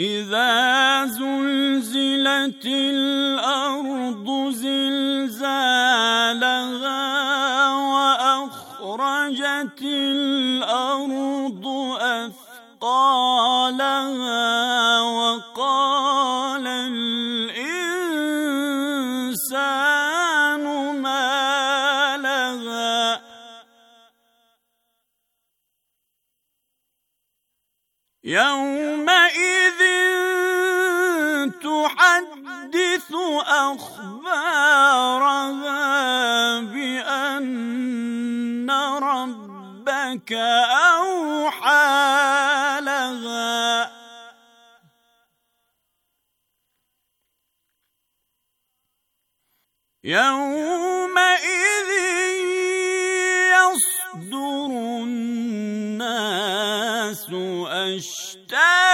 إذا زلزلت الأرض زلزالها وأخرجت الأرض أثقالها وقالت أخبارها بأن ربك أوحى لها يومئذ يصدر الناس أشتاق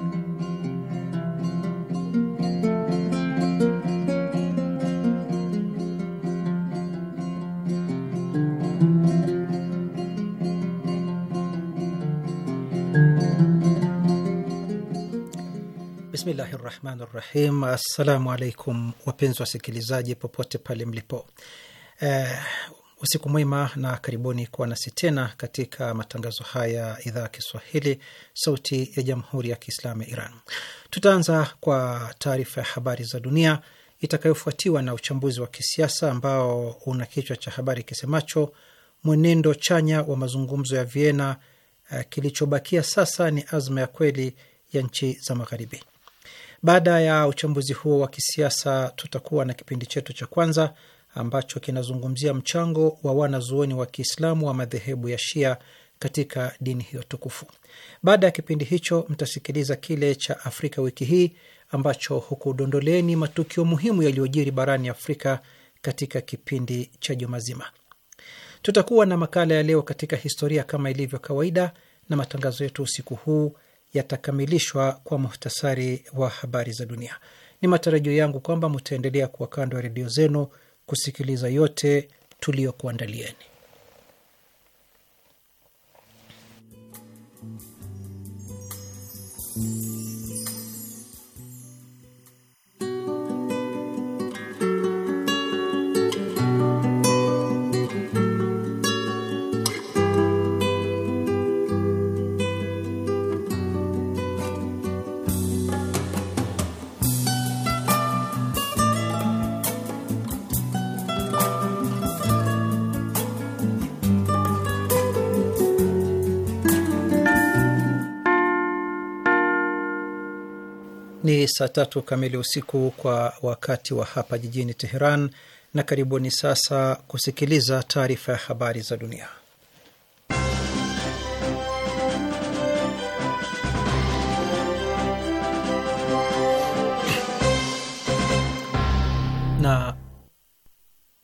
Bismillahi rahmani rahim. Assalamu alaikum wapenzi wasikilizaji popote pale mlipo, eh, usiku mwema na karibuni kuwa nasi tena katika matangazo haya idhaa ya Kiswahili sauti ya jamhuri ya Kiislamu ya Iran. Tutaanza kwa taarifa ya habari za dunia itakayofuatiwa na uchambuzi wa kisiasa ambao una kichwa cha habari kisemacho mwenendo chanya wa mazungumzo ya Vienna, eh, kilichobakia sasa ni azma ya kweli ya nchi za Magharibi. Baada ya uchambuzi huo wa kisiasa, tutakuwa na kipindi chetu cha kwanza ambacho kinazungumzia mchango wa wanazuoni wa Kiislamu wa madhehebu ya Shia katika dini hiyo tukufu. Baada ya kipindi hicho, mtasikiliza kile cha Afrika wiki hii ambacho hukudondoleeni matukio muhimu yaliyojiri barani Afrika katika kipindi cha juma zima. Tutakuwa na makala ya leo katika historia kama ilivyo kawaida, na matangazo yetu usiku huu yatakamilishwa kwa muhtasari wa habari za dunia. Ni matarajio yangu kwamba mutaendelea kuwa kando ya redio zenu kusikiliza yote tuliyokuandalieni. Ni saa tatu kamili usiku kwa wakati wa hapa jijini Teheran, na karibuni sasa kusikiliza taarifa ya habari za dunia. Na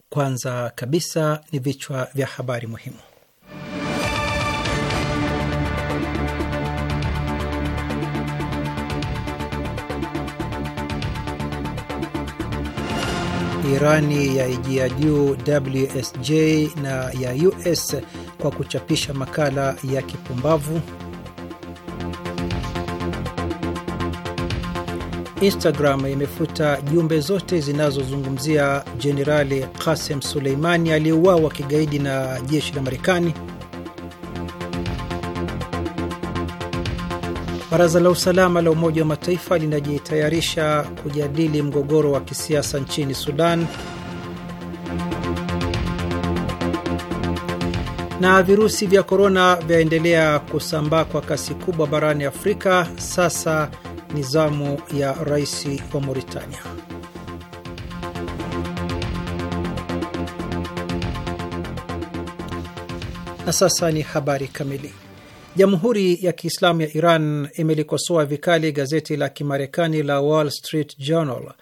kwanza kabisa ni vichwa vya habari muhimu. Irani yaijia juu WSJ na ya US kwa kuchapisha makala ya kipumbavu. Instagram imefuta jumbe zote zinazozungumzia Jenerali Qasem Suleimani aliyeuawa kigaidi na jeshi la Marekani. Baraza la usalama la Umoja wa Mataifa linajitayarisha kujadili mgogoro wa kisiasa nchini Sudan, na virusi vya korona vyaendelea kusambaa kwa kasi kubwa barani Afrika. Sasa ni zamu ya rais wa Mauritania. Na sasa ni habari kamili. Jamhuri ya Kiislamu ya Iran imelikosoa vikali gazeti la Kimarekani la Wall Street Journal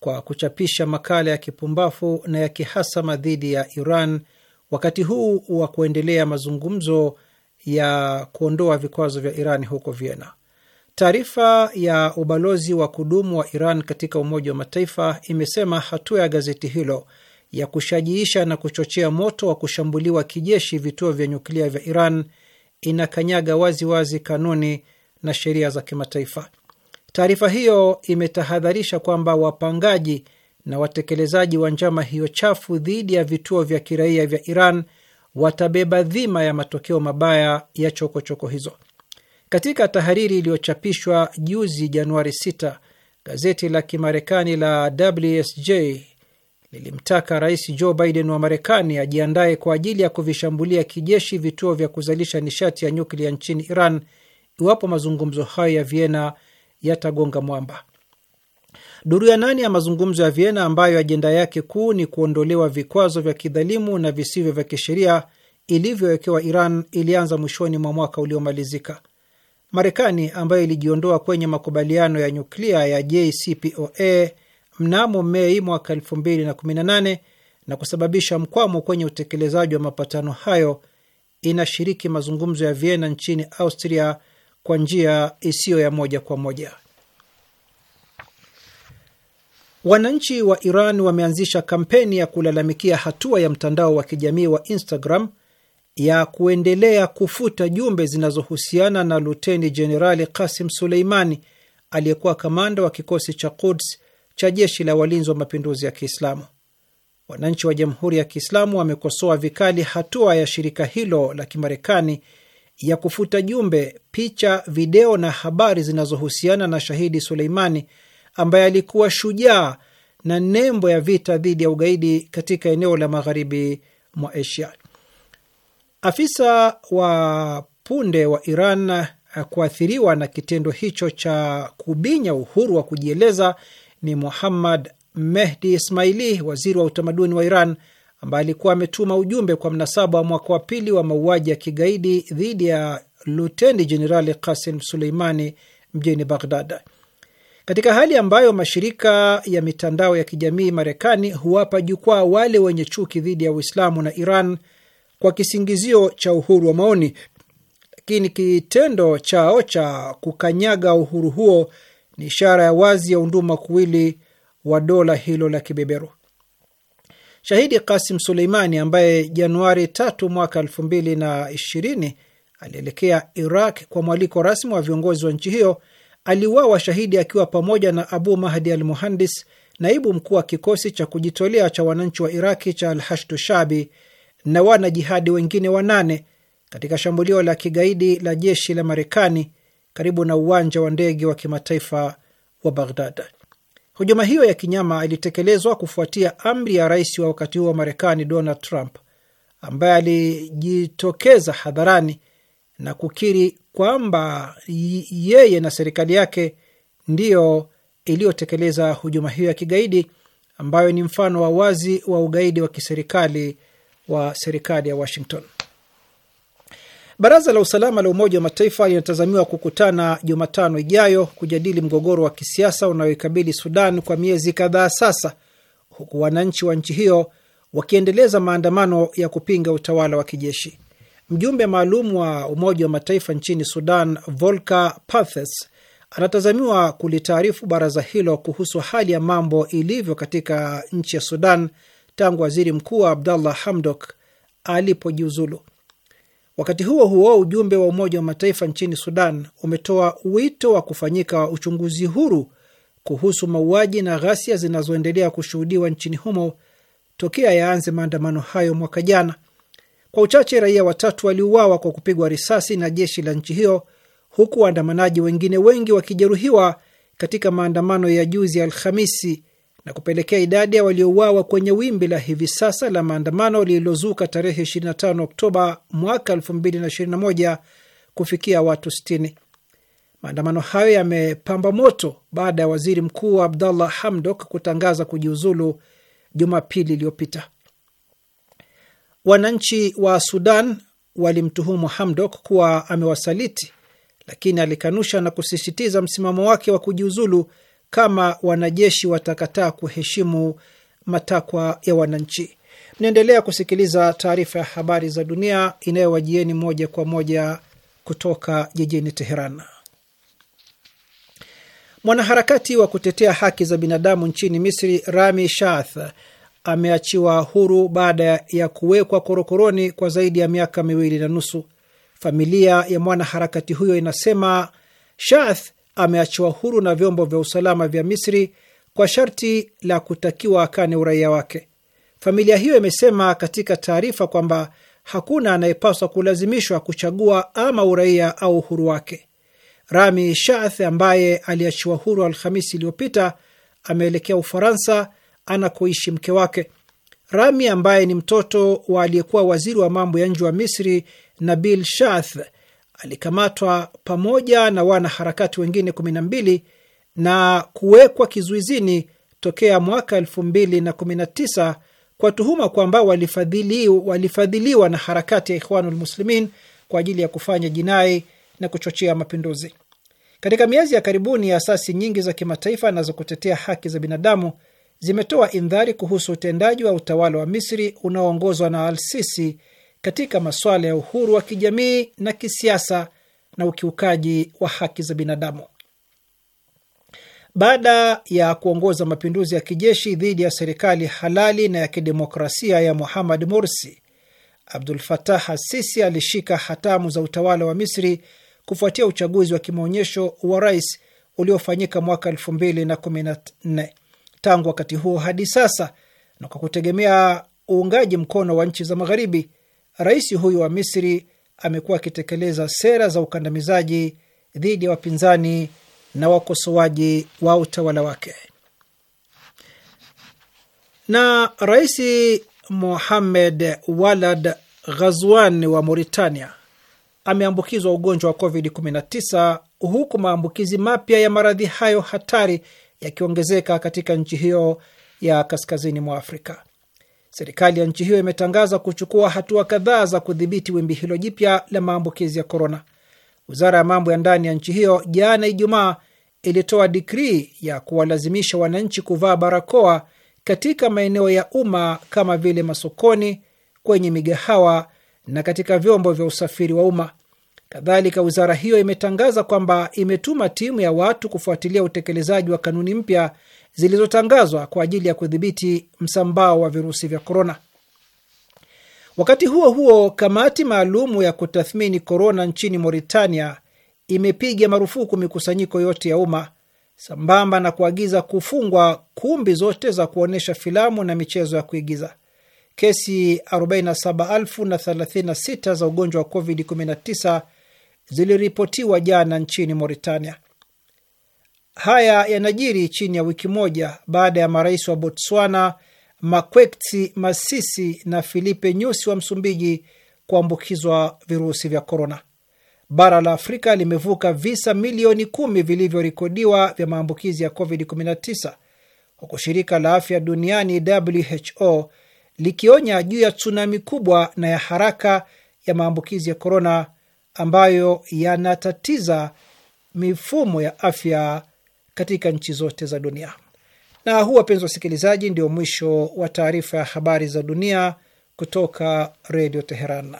kwa kuchapisha makala ya kipumbafu na ya kihasama dhidi ya Iran wakati huu wa kuendelea mazungumzo ya kuondoa vikwazo vya Iran huko Vienna. Taarifa ya ubalozi wa kudumu wa Iran katika Umoja wa Mataifa imesema hatua ya gazeti hilo ya kushajiisha na kuchochea moto wa kushambuliwa kijeshi vituo vya nyuklia vya Iran inakanyaga waziwazi wazi kanuni na sheria za kimataifa. Taarifa hiyo imetahadharisha kwamba wapangaji na watekelezaji wa njama hiyo chafu dhidi ya vituo vya kiraia vya Iran watabeba dhima ya matokeo mabaya ya chokochoko choko hizo. Katika tahariri iliyochapishwa juzi Januari 6, gazeti la Kimarekani la WSJ lilimtaka Rais Joe Biden wa Marekani ajiandaye kwa ajili ya kuvishambulia kijeshi vituo vya kuzalisha nishati ya nyuklia nchini Iran iwapo mazungumzo hayo ya Vienna yatagonga mwamba. Duru ya nane ya mazungumzo ya Vienna ambayo ajenda yake kuu ni kuondolewa vikwazo vya kidhalimu na visivyo vya kisheria ilivyowekewa Iran ilianza mwishoni mwa mwaka uliomalizika. Marekani ambayo ilijiondoa kwenye makubaliano ya nyuklia ya JCPOA mnamo Mei mwaka 2018 na kusababisha mkwamo kwenye utekelezaji wa mapatano hayo, inashiriki mazungumzo ya Vienna nchini Austria kwa njia isiyo ya moja kwa moja. Wananchi wa Iran wameanzisha kampeni ya kulalamikia hatua ya mtandao wa kijamii wa Instagram ya kuendelea kufuta jumbe zinazohusiana na Luteni Jenerali Kasim Suleimani aliyekuwa kamanda wa kikosi cha Quds cha jeshi la walinzi wa mapinduzi ya Kiislamu. Wananchi wa Jamhuri ya Kiislamu wamekosoa vikali hatua ya shirika hilo la Kimarekani ya kufuta jumbe, picha, video na habari zinazohusiana na shahidi Suleimani ambaye alikuwa shujaa na nembo ya vita dhidi ya ugaidi katika eneo la magharibi mwa Asia. Afisa wa punde wa Iran kuathiriwa na kitendo hicho cha kubinya uhuru wa kujieleza ni Muhammad Mehdi Ismaili, waziri wa utamaduni wa Iran, ambaye alikuwa ametuma ujumbe kwa mnasaba wa mwaka wa pili wa mauaji ya kigaidi dhidi ya luteni jenerali Kasim Suleimani mjini Baghdad. Katika hali ambayo mashirika ya mitandao ya kijamii Marekani huwapa jukwaa wale wenye chuki dhidi ya Uislamu na Iran kwa kisingizio cha uhuru wa maoni, lakini kitendo chao cha kukanyaga uhuru huo ni ishara ya wazi ya unduma kuwili wa dola hilo la kibeberu. Shahidi Kasim Suleimani ambaye Januari tatu mwaka elfu mbili na ishirini alielekea Iraq kwa mwaliko rasmi wa viongozi wa nchi hiyo aliuawa shahidi akiwa pamoja na Abu Mahdi al Muhandis, naibu mkuu wa kikosi cha kujitolea cha wananchi wa Iraki cha Alhashdu Shabi na wanajihadi wengine wanane katika shambulio la kigaidi la jeshi la Marekani karibu na uwanja wa ndege wa kimataifa wa Baghdad. Hujuma hiyo ya kinyama ilitekelezwa kufuatia amri ya rais wa wakati huo wa Marekani, Donald Trump, ambaye alijitokeza hadharani na kukiri kwamba yeye na serikali yake ndiyo iliyotekeleza hujuma hiyo ya kigaidi ambayo ni mfano wa wazi wa ugaidi wa kiserikali wa serikali ya Washington. Baraza la usalama la Umoja wa Mataifa linatazamiwa kukutana Jumatano ijayo kujadili mgogoro wa kisiasa unayoikabili Sudan kwa miezi kadhaa sasa, huku wananchi wa nchi hiyo wakiendeleza maandamano ya kupinga utawala wa kijeshi. Mjumbe maalum wa Umoja wa Mataifa nchini Sudan, Volker Perthes, anatazamiwa kulitaarifu baraza hilo kuhusu hali ya mambo ilivyo katika nchi ya Sudan tangu waziri mkuu wa Abdallah Hamdok alipojiuzulu. Wakati huo huo, ujumbe wa Umoja wa Mataifa nchini Sudan umetoa wito wa kufanyika uchunguzi huru kuhusu mauaji na ghasia zinazoendelea kushuhudiwa nchini humo tokea yaanze maandamano hayo mwaka jana. Kwa uchache raia watatu waliuawa kwa kupigwa risasi na jeshi la nchi hiyo, huku waandamanaji wengine wengi wakijeruhiwa katika maandamano ya juzi Alhamisi na kupelekea idadi ya waliouawa kwenye wimbi la hivi sasa la maandamano lililozuka tarehe 25 Oktoba mwaka 2021 kufikia watu 60. Maandamano hayo yamepamba moto baada ya waziri mkuu Abdallah Hamdok kutangaza kujiuzulu Jumapili iliyopita. Wananchi wa Sudan walimtuhumu Hamdok kuwa amewasaliti, lakini alikanusha na kusisitiza msimamo wake wa kujiuzulu kama wanajeshi watakataa kuheshimu matakwa ya wananchi. Mnaendelea kusikiliza taarifa ya habari za dunia inayowajieni moja kwa moja kutoka jijini Teheran. Mwanaharakati wa kutetea haki za binadamu nchini Misri, Rami Shaath ameachiwa huru baada ya kuwekwa korokoroni kwa zaidi ya miaka miwili na nusu. Familia ya mwanaharakati huyo inasema Shaath ameachiwa huru na vyombo vya usalama vya Misri kwa sharti la kutakiwa akane uraia wake. Familia hiyo imesema katika taarifa kwamba hakuna anayepaswa kulazimishwa kuchagua ama uraia au uhuru wake. Rami Shaath ambaye aliachiwa huru Alhamisi iliyopita ameelekea Ufaransa anakoishi mke wake. Rami ambaye ni mtoto wa aliyekuwa waziri wa mambo ya nje wa Misri Nabil Shaath alikamatwa pamoja na wanaharakati wengine 12 na kuwekwa kizuizini tokea mwaka 2019 kwa tuhuma kwamba walifadhiliwa, walifadhiliwa na harakati ya Ikhwanul Muslimin kwa ajili ya kufanya jinai na kuchochea mapinduzi. Katika miezi ya karibuni, asasi nyingi za kimataifa na za kutetea haki za binadamu zimetoa indhari kuhusu utendaji wa utawala wa Misri unaoongozwa na Al-Sisi katika masuala ya uhuru wa kijamii na kisiasa na ukiukaji wa haki za binadamu. Baada ya kuongoza mapinduzi ya kijeshi dhidi ya serikali halali na ya kidemokrasia ya Muhammad Morsi, Abdul Fatah Asisi alishika hatamu za utawala wa Misri kufuatia uchaguzi wa kimaonyesho wa rais uliofanyika mwaka 2014. Tangu wakati huo hadi sasa, na kwa kutegemea uungaji mkono wa nchi za Magharibi, Rais huyu wa Misri amekuwa akitekeleza sera za ukandamizaji dhidi ya wapinzani na wakosoaji wa utawala wake. Na Rais Mohamed Walad Ghazwan wa Mauritania ameambukizwa ugonjwa wa COVID-19 huku maambukizi mapya ya maradhi hayo hatari yakiongezeka katika nchi hiyo ya kaskazini mwa Afrika. Serikali ya nchi hiyo imetangaza kuchukua hatua kadhaa za kudhibiti wimbi hilo jipya la maambukizi ya korona. Wizara ya mambo ya ndani ya nchi hiyo jana Ijumaa ilitoa dikrii ya kuwalazimisha wananchi kuvaa barakoa katika maeneo ya umma kama vile masokoni, kwenye migahawa na katika vyombo vya usafiri wa umma. Kadhalika, wizara hiyo imetangaza kwamba imetuma timu ya watu kufuatilia utekelezaji wa kanuni mpya zilizotangazwa kwa ajili ya kudhibiti msambao wa virusi vya korona. Wakati huo huo, kamati maalumu ya kutathmini korona nchini Mauritania imepiga marufuku mikusanyiko yote ya umma sambamba na kuagiza kufungwa kumbi zote za kuonyesha filamu na michezo ya kuigiza. Kesi 47,036 za ugonjwa wa COVID-19 ziliripotiwa jana nchini Mauritania. Haya yanajiri chini ya wiki moja baada ya marais wa Botswana Makwekti Masisi na Filipe Nyusi wa Msumbiji kuambukizwa virusi vya korona. Bara la Afrika limevuka visa milioni kumi vilivyorekodiwa vya maambukizi ya COVID-19 huku shirika la afya duniani WHO likionya juu ya tsunami kubwa na ya haraka ya maambukizi ya korona ambayo yanatatiza mifumo ya afya katika nchi zote za dunia. Na huu, wapenzi wasikilizaji, ndio mwisho wa taarifa ya habari za dunia kutoka Redio Teheran.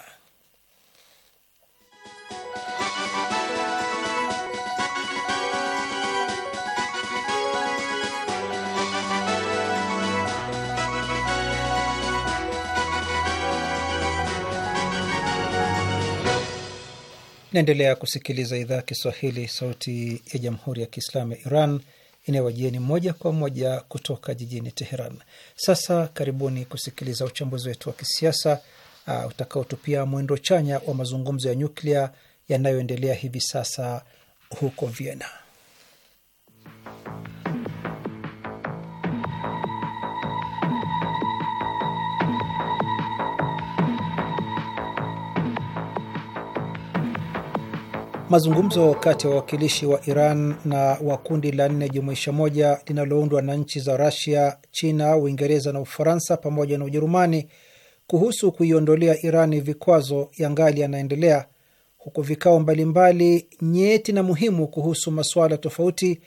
Naendelea kusikiliza idhaa ya Kiswahili, sauti ya jamhuri ya kiislamu ya Iran inayowajieni moja kwa moja kutoka jijini Teheran. Sasa karibuni kusikiliza uchambuzi wetu wa kisiasa uh, utakaotupia mwendo chanya wa mazungumzo ya nyuklia yanayoendelea hivi sasa huko Vienna. Mazungumzo kati ya wawakilishi wa Iran na wa kundi la nne jumuisha moja linaloundwa na nchi za Rasia, China, Uingereza na Ufaransa pamoja na Ujerumani kuhusu kuiondolea Irani vikwazo yangali yanaendelea huku vikao mbalimbali nyeti na muhimu kuhusu masuala tofauti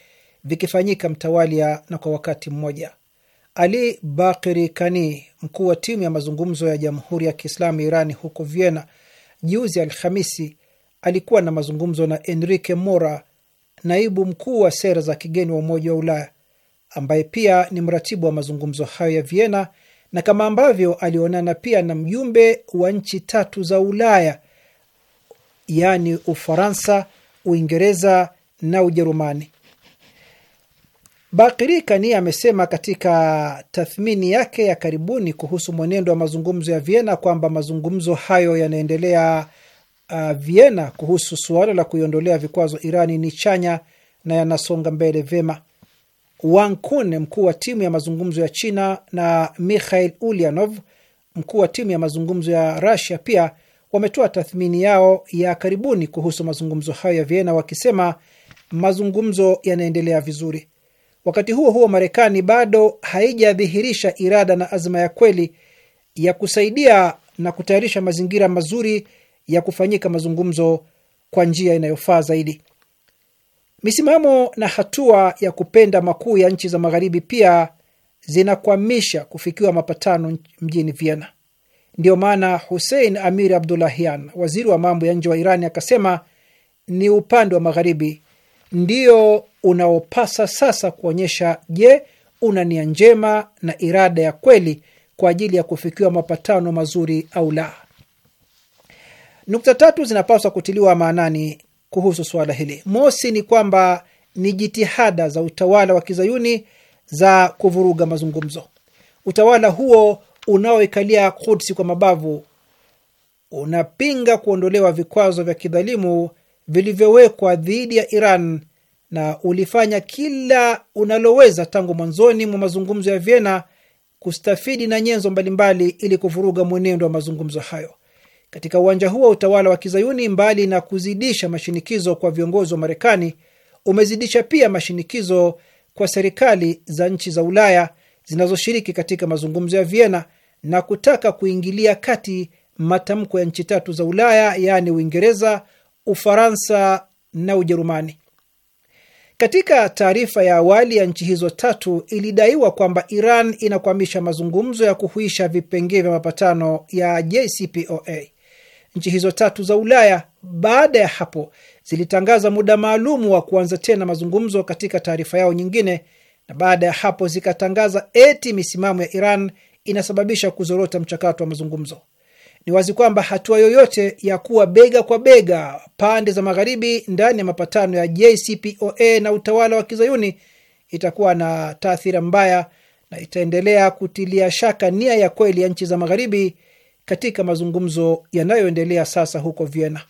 vikifanyika mtawalia na kwa wakati mmoja. Ali Bakiri Kani, mkuu wa timu ya mazungumzo ya Jamhuri ya Kiislamu Irani huko Vienna, juzi Alhamisi alikuwa na mazungumzo na Enrique Mora, naibu mkuu wa sera za kigeni wa Umoja wa Ulaya, ambaye pia ni mratibu wa mazungumzo hayo ya Vienna, na kama ambavyo alionana pia na mjumbe wa nchi tatu za Ulaya, yaani Ufaransa, Uingereza na Ujerumani. Bakiri Kani amesema katika tathmini yake ya karibuni kuhusu mwenendo wa mazungumzo ya Vienna kwamba mazungumzo hayo yanaendelea uh, Vienna kuhusu suala la kuiondolea vikwazo Irani ni chanya na yanasonga mbele vyema. Wang Kun, mkuu wa timu ya mazungumzo ya China, na Mikhail Ulyanov, mkuu wa timu ya mazungumzo ya rasia pia wametoa tathmini yao ya karibuni kuhusu mazungumzo hayo ya Vienna wakisema mazungumzo yanaendelea vizuri. Wakati huo huo, Marekani bado haijadhihirisha irada na azma ya kweli ya kusaidia na kutayarisha mazingira mazuri ya kufanyika mazungumzo kwa njia inayofaa zaidi. Misimamo na hatua ya kupenda makuu ya nchi za magharibi pia zinakwamisha kufikiwa mapatano mjini Vienna. Ndiyo maana Hussein Amir Abdullahian, waziri wa mambo ya nje wa Irani, akasema ni upande wa magharibi ndio unaopasa sasa kuonyesha, je, una nia njema na irada ya kweli kwa ajili ya kufikiwa mapatano mazuri au la. Nukta tatu zinapaswa kutiliwa maanani kuhusu suala hili. Mosi ni kwamba ni jitihada za utawala wa kizayuni za kuvuruga mazungumzo. Utawala huo unaoikalia Kudsi kwa mabavu unapinga kuondolewa vikwazo vya kidhalimu vilivyowekwa dhidi ya Iran na ulifanya kila unaloweza tangu mwanzoni mwa mazungumzo ya Vienna kustafidi na nyenzo mbalimbali ili kuvuruga mwenendo wa mazungumzo hayo. Katika uwanja huo utawala wa kizayuni mbali na kuzidisha mashinikizo kwa viongozi wa Marekani umezidisha pia mashinikizo kwa serikali za nchi za Ulaya zinazoshiriki katika mazungumzo ya Vienna na kutaka kuingilia kati matamko ya nchi tatu za Ulaya yaani Uingereza, Ufaransa na Ujerumani. Katika taarifa ya awali ya nchi hizo tatu ilidaiwa kwamba Iran inakwamisha mazungumzo ya kuhuisha vipengee vya mapatano ya JCPOA. Nchi hizo tatu za Ulaya baada ya hapo zilitangaza muda maalumu wa kuanza tena mazungumzo katika taarifa yao nyingine, na baada ya hapo zikatangaza eti misimamo ya Iran inasababisha kuzorota mchakato wa mazungumzo. Ni wazi kwamba hatua yoyote ya kuwa bega kwa bega pande za magharibi ndani ya mapatano ya JCPOA na utawala wa kizayuni itakuwa na taathira mbaya na itaendelea kutilia shaka nia ya kweli ya nchi za magharibi katika mazungumzo yanayoendelea sasa huko Vienna.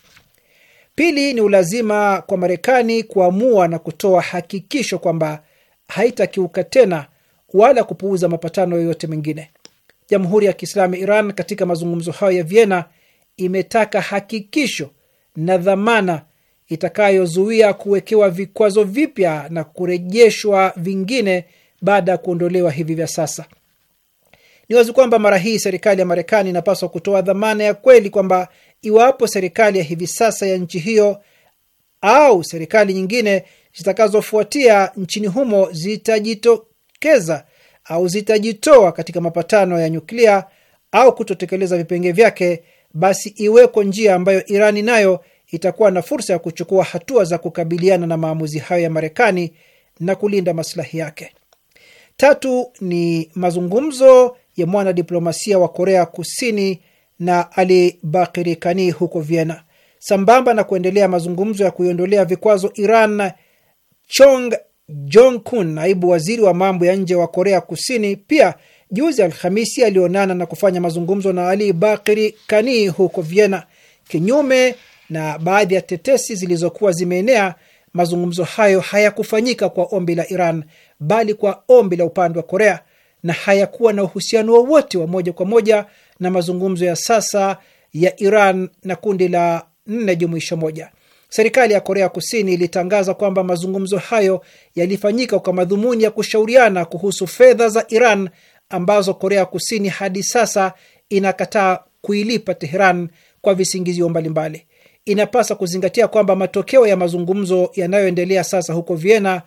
Pili ni ulazima kwa Marekani kuamua na kutoa hakikisho kwamba haitakiuka tena wala kupuuza mapatano yoyote mengine. Jamhuri ya Kiislamu Iran katika mazungumzo hayo ya Vienna imetaka hakikisho na dhamana itakayozuia kuwekewa vikwazo vipya na kurejeshwa vingine baada ya kuondolewa hivi vya sasa. Ni wazi kwamba mara hii serikali ya Marekani inapaswa kutoa dhamana ya kweli kwamba iwapo serikali ya hivi sasa ya nchi hiyo au serikali nyingine zitakazofuatia nchini humo zitajitokeza au zitajitoa katika mapatano ya nyuklia au kutotekeleza vipengee vyake, basi iweko njia ambayo Irani nayo itakuwa na fursa ya kuchukua hatua za kukabiliana na maamuzi hayo ya Marekani na kulinda masilahi yake. Tatu ni mazungumzo ya mwanadiplomasia wa Korea Kusini na Ali Bakiri Kani huko Vienna. Sambamba na kuendelea mazungumzo ya kuiondolea vikwazo Iran, Chong Jong Kun, naibu waziri wa mambo ya nje wa Korea Kusini, pia juzi Alhamisi alionana na kufanya mazungumzo na Ali Bakiri Kani huko Vienna. Kinyume na baadhi ya tetesi zilizokuwa zimeenea, mazungumzo hayo hayakufanyika kwa ombi la Iran, bali kwa ombi la upande wa Korea na hayakuwa na uhusiano wowote wa, moja kwa moja na mazungumzo ya sasa ya Iran na kundi la nne jumuisho moja. Serikali ya Korea Kusini ilitangaza kwamba mazungumzo hayo yalifanyika kwa madhumuni ya kushauriana kuhusu fedha za Iran ambazo Korea Kusini hadi sasa inakataa kuilipa Teheran kwa visingizio mbalimbali. Inapasa kuzingatia kwamba matokeo ya mazungumzo yanayoendelea sasa huko Vienna,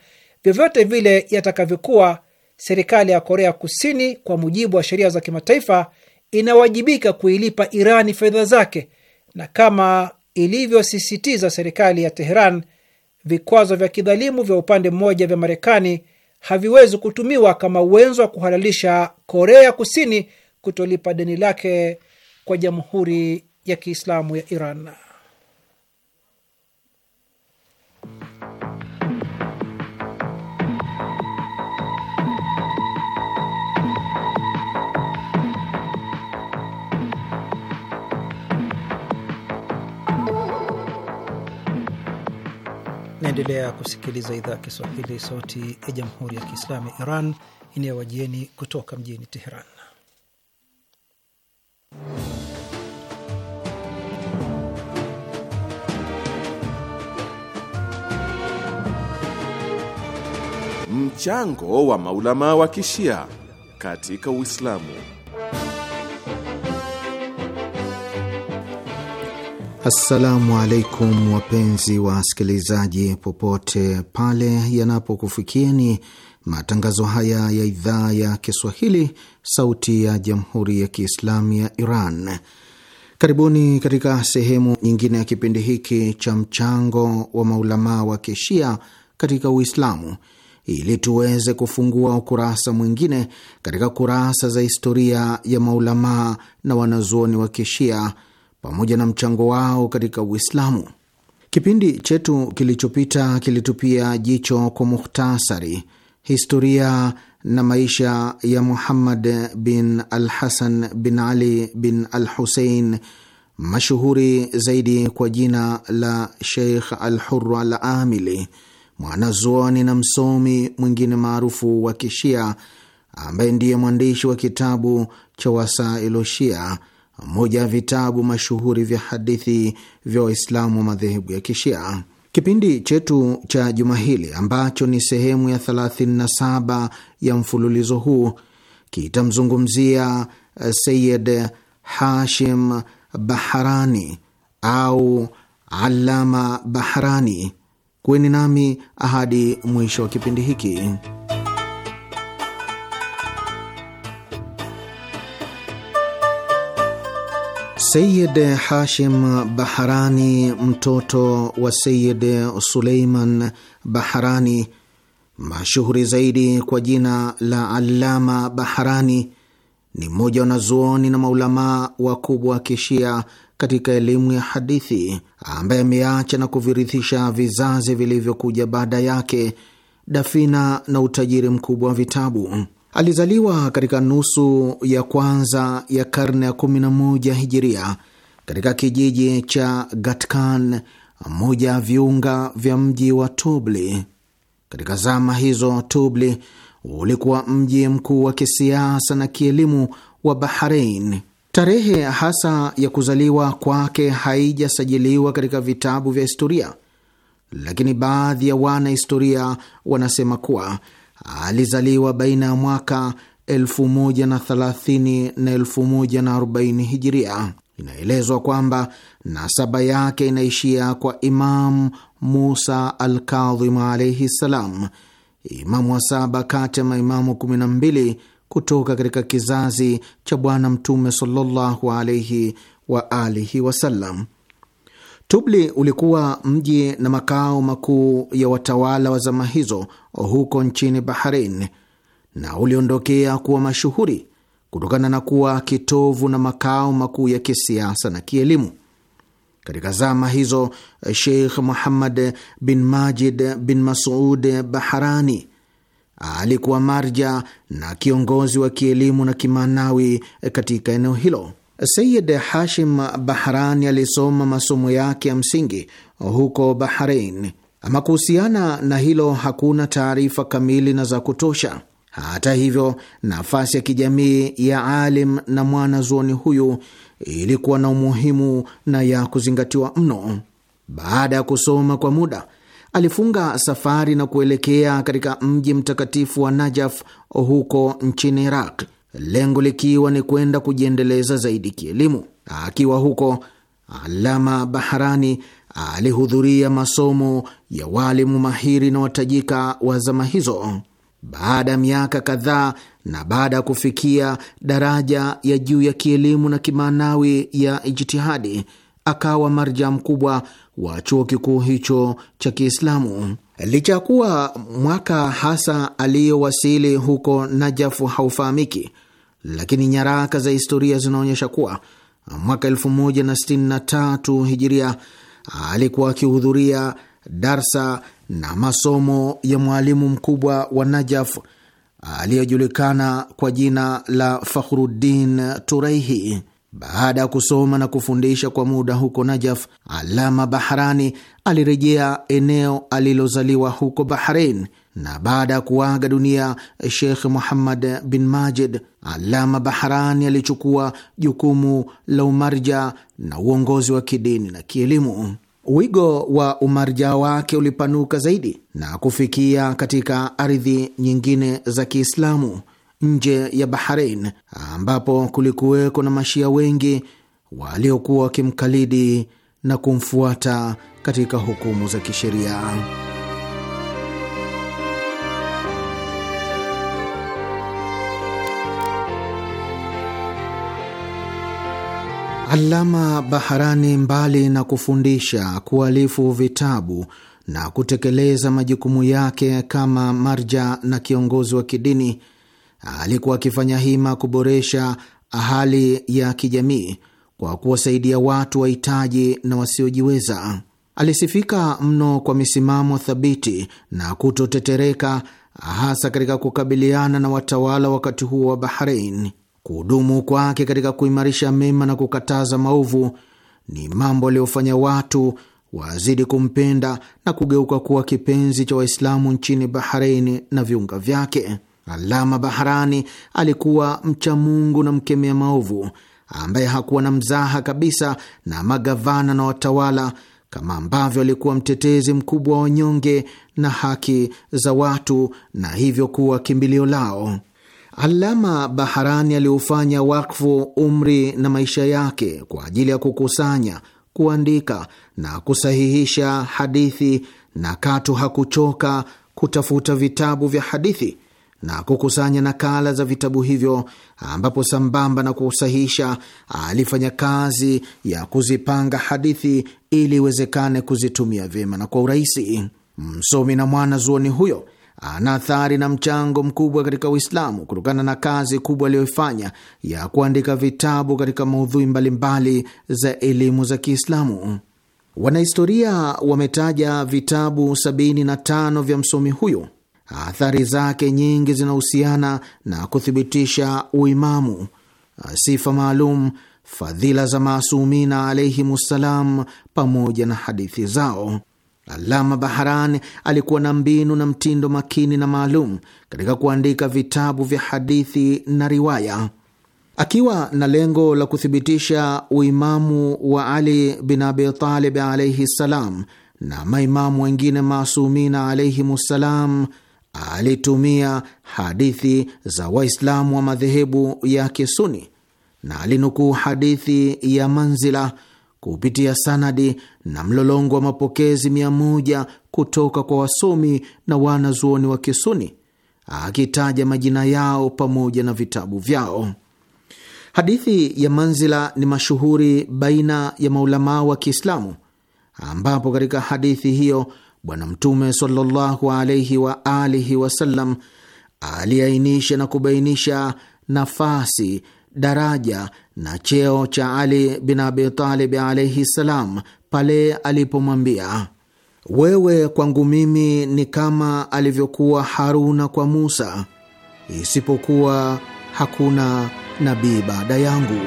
vyovyote vile yatakavyokuwa, serikali ya Korea Kusini, kwa mujibu wa sheria za kimataifa, inawajibika kuilipa Irani fedha zake, na kama ilivyosisitiza serikali ya Teheran, vikwazo vya kidhalimu vya upande mmoja vya Marekani haviwezi kutumiwa kama uwenzo wa kuhalalisha Korea Kusini kutolipa deni lake kwa Jamhuri ya Kiislamu ya Iran. Naendelea kusikiliza idhaa ya Kiswahili, sauti ya jamhuri ya kiislamu ya Iran inayowajieni kutoka mjini Teheran. Mchango wa maulama wa kishia katika Uislamu. Assalamu alaikum wapenzi wasikilizaji, popote pale yanapokufikieni matangazo haya ya idhaa ya Kiswahili, Sauti ya Jamhuri ya Kiislamu ya Iran. Karibuni katika sehemu nyingine ya kipindi hiki cha mchango wa maulamaa wa kishia katika Uislamu, ili tuweze kufungua ukurasa mwingine katika kurasa za historia ya maulamaa na wanazuoni wa kishia pamoja na mchango wao katika Uislamu. Kipindi chetu kilichopita kilitupia jicho kwa mukhtasari historia na maisha ya Muhammad bin al Hasan bin Ali bin al Husein, mashuhuri zaidi kwa jina la Sheikh al Hur al Amili, mwanazuoni na msomi mwingine maarufu wa Kishia ambaye ndiye mwandishi wa kitabu cha Wasailu Shia moja ya vitabu mashuhuri vya hadithi vya Waislamu wa madhehebu ya Kishia. Kipindi chetu cha juma hili ambacho ni sehemu ya 37 ya mfululizo huu kitamzungumzia eh, Sayid Hashim Baharani au Alama Baharani. Kuweni nami ahadi mwisho wa kipindi hiki. Sayid Hashim Baharani, mtoto wa Sayid Suleiman Baharani, mashuhuri zaidi kwa jina la Allama Baharani, ni mmoja wanazuoni na maulamaa wakubwa wa kishia katika elimu ya hadithi, ambaye ameacha na kuvirithisha vizazi vilivyokuja baada yake dafina na utajiri mkubwa wa vitabu. Alizaliwa katika nusu ya kwanza ya karne ya 11 hijiria katika kijiji cha Gatkan, moja ya viunga vya mji wa Tubli. Katika zama hizo, Tubli ulikuwa mji mkuu wa kisiasa na kielimu wa bahrein Tarehe hasa ya kuzaliwa kwake haijasajiliwa katika vitabu vya historia, lakini baadhi ya wanahistoria wanasema kuwa alizaliwa baina ya mwaka 1030 na 1040 hijiria. Inaelezwa kwamba nasaba yake inaishia kwa Imam Musa alkadhimu alaihi ssalam, imamu wa saba kati ya maimamu 12 kutoka katika kizazi cha Bwana Mtume sallallahu alaihi wa alihi wasallam. Tubli ulikuwa mji na makao makuu ya watawala wa zama hizo huko nchini Bahrain na uliondokea kuwa mashuhuri kutokana na kuwa kitovu na makao makuu ya kisiasa na kielimu. Katika zama hizo, Sheikh Muhammad bin Majid bin Masud Baharani alikuwa marja na kiongozi wa kielimu na kimaanawi katika eneo hilo. Sayid Hashim Bahrani alisoma masomo yake ya msingi huko Bahrain. Ama kuhusiana na hilo hakuna taarifa kamili na za kutosha. Hata hivyo, nafasi ya kijamii ya alim na mwana zuoni huyu ilikuwa na umuhimu na ya kuzingatiwa mno. Baada ya kusoma kwa muda, alifunga safari na kuelekea katika mji mtakatifu wa Najaf huko nchini Iraq lengo likiwa ni kwenda kujiendeleza zaidi kielimu. Akiwa huko, Alama Baharani alihudhuria masomo ya waalimu mahiri na watajika wa zama hizo. Baada ya miaka kadhaa na baada ya kufikia daraja ya juu ya kielimu na kimaanawi ya ijtihadi, akawa marja mkubwa wa chuo kikuu hicho cha Kiislamu. Licha ya kuwa mwaka hasa aliyowasili huko Najafu haufahamiki, lakini nyaraka za historia zinaonyesha kuwa mwaka 1063 hijiria alikuwa akihudhuria darsa na masomo ya mwalimu mkubwa wa Najaf aliyejulikana kwa jina la Fakhruddin Turaihi. Baada ya kusoma na kufundisha kwa muda huko Najaf, Alama Bahrani alirejea eneo alilozaliwa huko Bahrein na baada ya kuaga dunia Sheikh Muhammad bin Majid, Alama Baharani alichukua jukumu la umarja na uongozi wa kidini na kielimu. Wigo wa umarja wake ulipanuka zaidi na kufikia katika ardhi nyingine za Kiislamu nje ya Bahrain, ambapo kulikuweko na Mashia wengi waliokuwa wakimkalidi na kumfuata katika hukumu za kisheria. alama Baharani, mbali na kufundisha, kualifu vitabu na kutekeleza majukumu yake kama marja na kiongozi wa kidini, alikuwa akifanya hima kuboresha hali ya kijamii kwa kuwasaidia watu wahitaji na wasiojiweza. Alisifika mno kwa misimamo thabiti na kutotetereka, hasa katika kukabiliana na watawala wakati huo wa Bahrein. Kuhudumu kwake katika kuimarisha mema na kukataza maovu ni mambo aliyofanya watu wazidi kumpenda na kugeuka kuwa kipenzi cha Waislamu nchini Bahreini na viunga vyake. Alama Baharani alikuwa mcha Mungu na mkemea maovu ambaye hakuwa na mzaha kabisa na magavana na watawala, kama ambavyo alikuwa mtetezi mkubwa wa wanyonge na haki za watu na hivyo kuwa kimbilio lao. Alama Baharani aliufanya wakfu umri na maisha yake kwa ajili ya kukusanya, kuandika na kusahihisha hadithi, na katu hakuchoka kutafuta vitabu vya hadithi na kukusanya nakala za vitabu hivyo, ambapo sambamba na kusahihisha alifanya kazi ya kuzipanga hadithi ili iwezekane kuzitumia vyema na kwa urahisi. Msomi na mwana zuoni huyo ana athari na mchango mkubwa katika Uislamu kutokana na kazi kubwa aliyoifanya ya kuandika vitabu katika maudhui mbalimbali za elimu za Kiislamu. Wanahistoria wametaja vitabu 75 vya msomi huyo. Athari zake nyingi zinahusiana na kuthibitisha uimamu, sifa maalum, fadhila za maasumina alaihimussalam, pamoja na hadithi zao alama Baharani alikuwa na mbinu na mtindo makini na maalum katika kuandika vitabu vya hadithi na riwaya, akiwa na lengo la kuthibitisha uimamu wa Ali bin Abi Talib alaihi ssalam na maimamu wengine maasumina ssalam, Alitumia hadithi za Waislamu wa madhehebu ya Kisuni na alinukuu hadithi ya Manzila kupitia sanadi na mlolongo wa mapokezi mia moja kutoka kwa wasomi na wanazuoni wa Kisuni, akitaja majina yao pamoja na vitabu vyao. Hadithi ya Manzila ni mashuhuri baina ya maulamaa wa Kiislamu, ambapo katika hadithi hiyo Bwana Mtume sallallahu alaihi wa alihi wasallam aliainisha na kubainisha nafasi daraja na cheo cha Ali bin Abitalib alaihi ssalam, pale alipomwambia wewe kwangu mimi ni kama alivyokuwa Haruna kwa Musa, isipokuwa hakuna nabii baada yangu.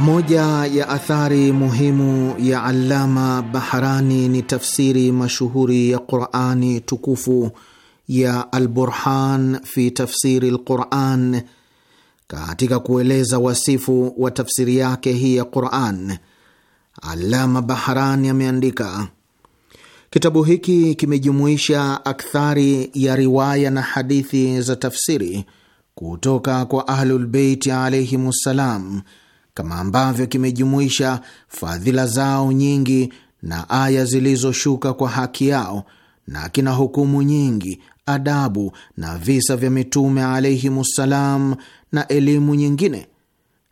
Moja ya athari muhimu ya Allama Baharani ni tafsiri mashuhuri ya Qurani tukufu ya Alburhan fi tafsiri lquran. Katika kueleza wasifu wa tafsiri yake hii ya Quran, alama Baharani ameandika kitabu hiki kimejumuisha akthari ya riwaya na hadithi za tafsiri kutoka kwa Ahlulbeiti alaihim ssalam kama ambavyo kimejumuisha fadhila zao nyingi na aya zilizoshuka kwa haki yao na kina hukumu nyingi, adabu na visa vya mitume alaihimussalam, na elimu nyingine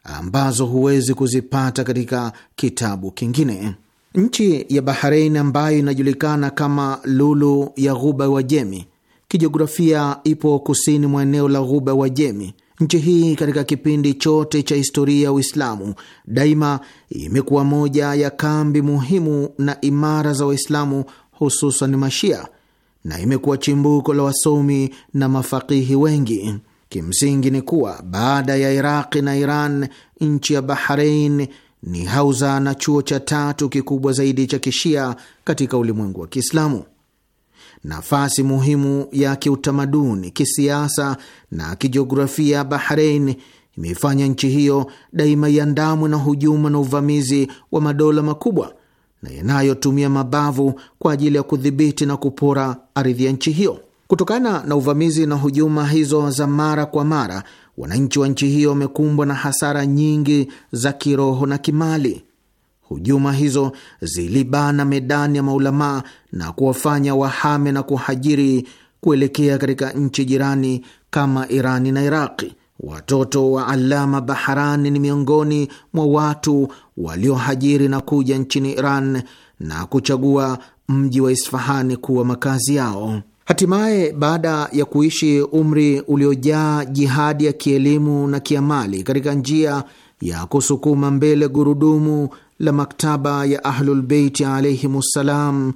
ambazo huwezi kuzipata katika kitabu kingine. Nchi ya Bahrein ambayo inajulikana kama lulu ya ghuba wa jemi kijiografia ipo kusini mwa eneo la ghuba Wajemi Nchi hii katika kipindi chote cha historia ya Uislamu daima imekuwa moja ya kambi muhimu na imara za Waislamu, hususan Mashia, na imekuwa chimbuko la wasomi na mafakihi wengi. Kimsingi ni kuwa baada ya Iraqi na Iran, nchi ya bahrein ni hauza na chuo cha tatu kikubwa zaidi cha kishia katika ulimwengu wa Kiislamu nafasi muhimu ya kiutamaduni, kisiasa na kijiografia Bahrein imeifanya nchi hiyo daima iandamwe na hujuma na uvamizi wa madola makubwa na yanayotumia mabavu kwa ajili ya kudhibiti na kupora ardhi ya nchi hiyo. Kutokana na uvamizi na hujuma hizo za mara kwa mara, wananchi wa nchi hiyo wamekumbwa na hasara nyingi za kiroho na kimali. Hujuma hizo zilibana medani ya maulamaa na kuwafanya wahame na kuhajiri kuelekea katika nchi jirani kama Irani na Iraqi. Watoto wa Alama Baharani ni miongoni mwa watu waliohajiri na kuja nchini Iran na kuchagua mji wa Isfahani kuwa makazi yao. Hatimaye, baada ya kuishi umri uliojaa jihadi ya kielimu na kiamali katika njia ya kusukuma mbele gurudumu la maktaba ya Ahlulbeiti alaihimussalam,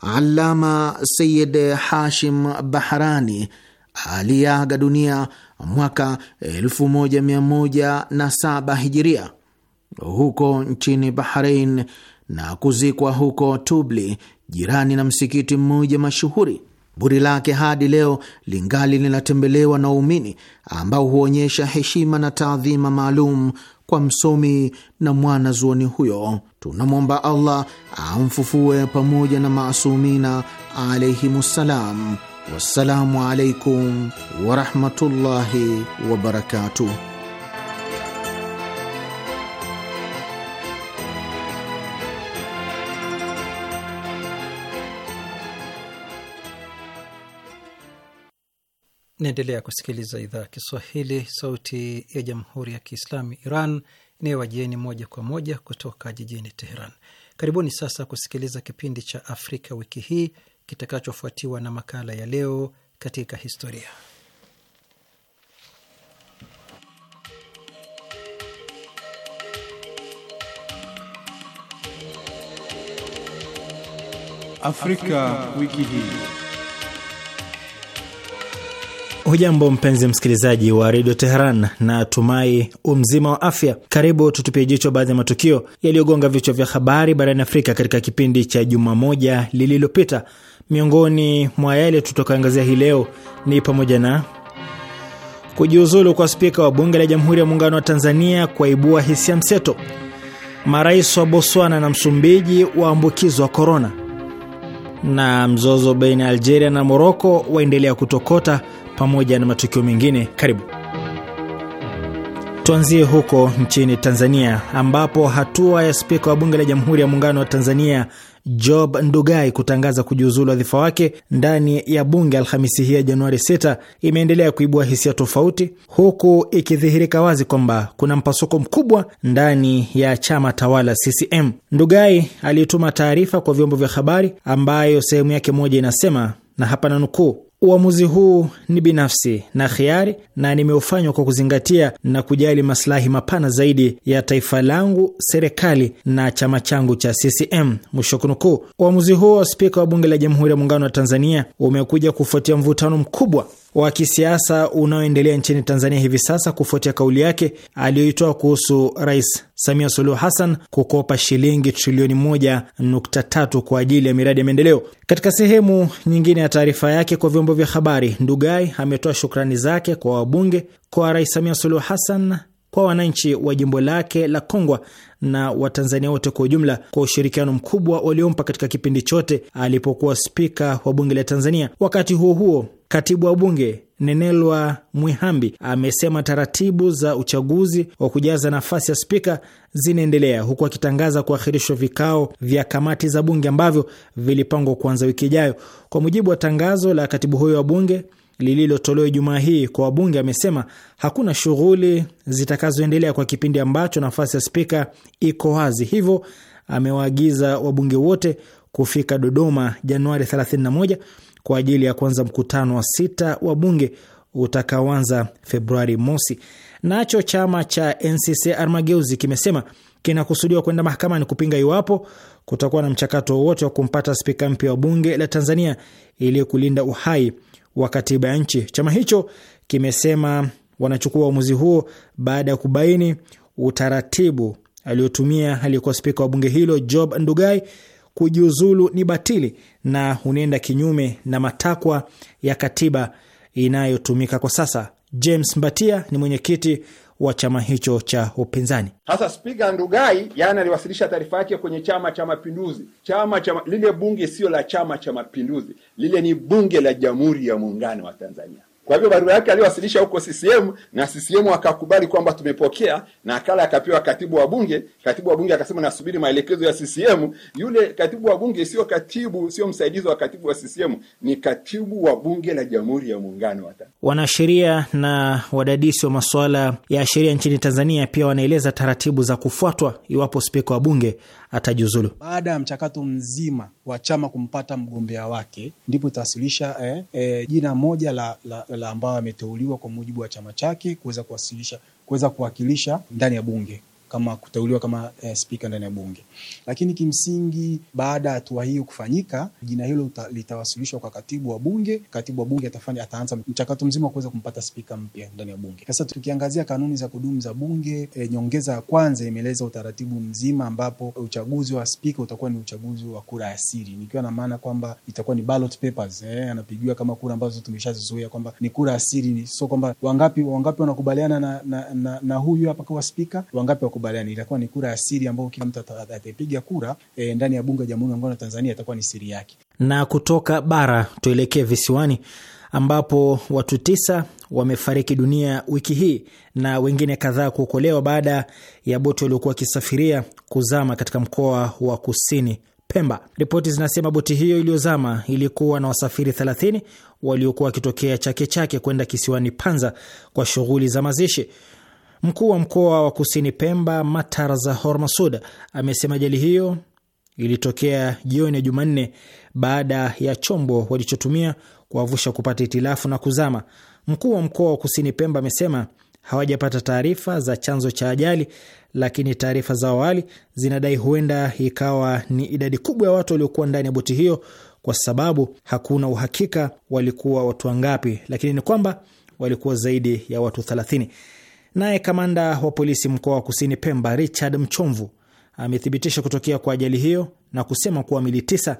Allama Sayid Hashim Bahrani aliyeaga dunia mwaka 1107 hijiria huko nchini bahrein na kuzikwa huko Tubli, jirani na msikiti mmoja mashuhuri. buri lake hadi leo lingali linatembelewa na waumini ambao huonyesha heshima na taadhima maalum kwa msomi na mwana zuoni huyo. Tunamwomba Allah amfufue pamoja na maasumina alaihimussalam. Wassalamu alaikum warahmatullahi wabarakatuh. Naendelea kusikiliza idhaa ya Kiswahili, sauti ya jamhuri ya kiislamu Iran inayowajieni moja kwa moja kutoka jijini Teheran. Karibuni sasa kusikiliza kipindi cha Afrika wiki hii kitakachofuatiwa na makala ya leo katika historia. Afrika, Afrika wiki hii. Hujambo mpenzi msikilizaji wa redio Teheran na tumai umzima wa afya. Karibu tutupie jicho baadhi ya matukio yaliyogonga vichwa vya habari barani Afrika katika kipindi cha juma moja lililopita. Miongoni mwa yale tutakaangazia hii leo ni pamoja na kujiuzulu kwa spika wa bunge la Jamhuri ya Muungano wa Tanzania kwaibua hisia mseto, marais wa Botswana na Msumbiji waambukizwa korona, na mzozo baina ya Algeria na Moroko waendelea kutokota pamoja na matukio mengine. Karibu tuanzie huko nchini Tanzania, ambapo hatua ya spika wa bunge la Jamhuri ya Muungano wa Tanzania Job Ndugai kutangaza kujiuzulu wadhifa wake ndani ya bunge Alhamisi hii ya Januari 6 imeendelea kuibua hisia tofauti, huku ikidhihirika wazi kwamba kuna mpasuko mkubwa ndani ya chama tawala CCM. Ndugai aliituma taarifa kwa vyombo vya habari ambayo sehemu yake moja inasema na hapa na nukuu, Uamuzi huu ni binafsi na khiari na nimeufanywa kwa kuzingatia na kujali masilahi mapana zaidi ya taifa langu, serikali na chama changu cha CCM. Mwisho kunukuu. Uamuzi huo wa spika wa bunge la Jamhuri ya Muungano wa Tanzania umekuja kufuatia mvutano mkubwa wa kisiasa unaoendelea nchini Tanzania hivi sasa kufuatia kauli yake aliyoitoa kuhusu Rais Samia Suluhu Hassan kukopa shilingi trilioni 13 kwa ajili ya miradi ya maendeleo. Katika sehemu nyingine ya taarifa yake kwa vyombo vya habari, Ndugai ametoa shukrani zake kwa wabunge, kwa Rais Samia Suluhu Hassan, kwa wananchi wa jimbo lake la Kongwa na Watanzania wote kwa ujumla kwa ushirikiano mkubwa waliompa katika kipindi chote alipokuwa spika wa bunge la Tanzania. Wakati huo huo, katibu wa bunge Nenelwa Mwihambi amesema taratibu za uchaguzi wa kujaza nafasi ya spika zinaendelea huku akitangaza kuahirishwa vikao vya kamati za bunge ambavyo vilipangwa kuanza wiki ijayo. Kwa mujibu wa tangazo la katibu huyo wa bunge lililotolewa Ijumaa hii kwa wabunge amesema hakuna shughuli zitakazoendelea kwa kipindi ambacho nafasi ya spika iko wazi. Hivyo amewaagiza wabunge wote kufika Dodoma Januari 31 kwa ajili ya kuanza mkutano wa sita wa bunge utakaoanza Februari mosi. Nacho chama cha NCCR Mageuzi kimesema kinakusudiwa kwenda mahakamani kupinga iwapo kutakuwa na mchakato wowote wa kumpata spika mpya wa bunge la Tanzania ili kulinda uhai wa katiba ya nchi. Chama hicho kimesema wanachukua uamuzi huo baada ya kubaini utaratibu aliotumia aliyekuwa spika wa bunge hilo Job Ndugai kujiuzulu ni batili na unaenda kinyume na matakwa ya katiba inayotumika kwa sasa. James Mbatia ni mwenyekiti wa chama hicho cha upinzani. Sasa Spika Ndugai yani aliwasilisha taarifa yake kwenye Chama cha Mapinduzi. Chama cha lile bunge sio la Chama cha Mapinduzi, lile ni bunge la Jamhuri ya Muungano wa Tanzania. Kwa hivyo barua yake aliyowasilisha huko CCM na CCM akakubali kwamba tumepokea, na akala akapewa katibu wa bunge. Katibu wa bunge akasema nasubiri maelekezo ya CCM. Yule katibu wa bunge sio katibu, sio msaidizi wa katibu wa CCM, ni katibu wa bunge la Jamhuri ya Muungano wa Tanzania. Wanasheria na wadadisi wa masuala ya sheria nchini Tanzania pia wanaeleza taratibu za kufuatwa iwapo spika wa bunge atajiuzulu. Baada ya mchakato mzima wa chama kumpata mgombea wake, ndipo itawasilisha eh, eh, jina moja la, la, la ambayo ameteuliwa kwa mujibu wa chama chake kuweza kuwasilisha kuweza kuwakilisha ndani ya bunge kama kuteuliwa kama eh, spika ndani ya bunge. Lakini kimsingi baada ya hatua hiyo kufanyika, jina hilo litawasilishwa kwa katibu wa bunge. Katibu wa bunge atafanya, ataanza mchakato mzima wa kuweza kumpata spika mpya ndani ya bunge. Sasa tukiangazia kanuni za kudumu za bunge, eh, nyongeza ya kwanza imeeleza utaratibu mzima ambapo uchaguzi wa spika utakuwa ni uchaguzi wa kura ya siri, nikiwa na maana kwamba itakuwa ni ballot papers, eh, anapigiwa kama kura ambazo tumeshazizoea kwamba ni kura ya siri, sio kwamba wangapi wangapi wanakubaliana na, na, na, na huyu hapa kwa spika wangapi hatukubaliani, itakuwa ni kura ya siri ambayo kila mtu atapiga kura e, ndani ya bunge la Jamhuri ya Muungano wa Tanzania itakuwa ni siri yake. Na kutoka bara tuelekee visiwani ambapo watu tisa wamefariki dunia wiki hii na wengine kadhaa kuokolewa baada ya boti waliokuwa wakisafiria kuzama katika mkoa wa Kusini Pemba. Ripoti zinasema boti hiyo iliyozama ilikuwa na wasafiri 30 waliokuwa wakitokea Chake Chake kwenda kisiwani Panza kwa shughuli za mazishi. Mkuu wa mkoa wa Kusini Pemba, Matar Zahor Masud, amesema ajali hiyo ilitokea jioni ya Jumanne baada ya chombo walichotumia kuwavusha kupata itilafu na kuzama. Mkuu wa mkoa wa Kusini Pemba amesema hawajapata taarifa za chanzo cha ajali, lakini taarifa za awali zinadai huenda ikawa ni idadi kubwa ya watu waliokuwa ndani ya boti hiyo, kwa sababu hakuna uhakika walikuwa watu wangapi, lakini ni kwamba walikuwa zaidi ya watu thelathini. Naye kamanda wa polisi mkoa wa Kusini Pemba Richard Mchomvu amethibitisha kutokea kwa ajali hiyo na kusema kuwa mili tisa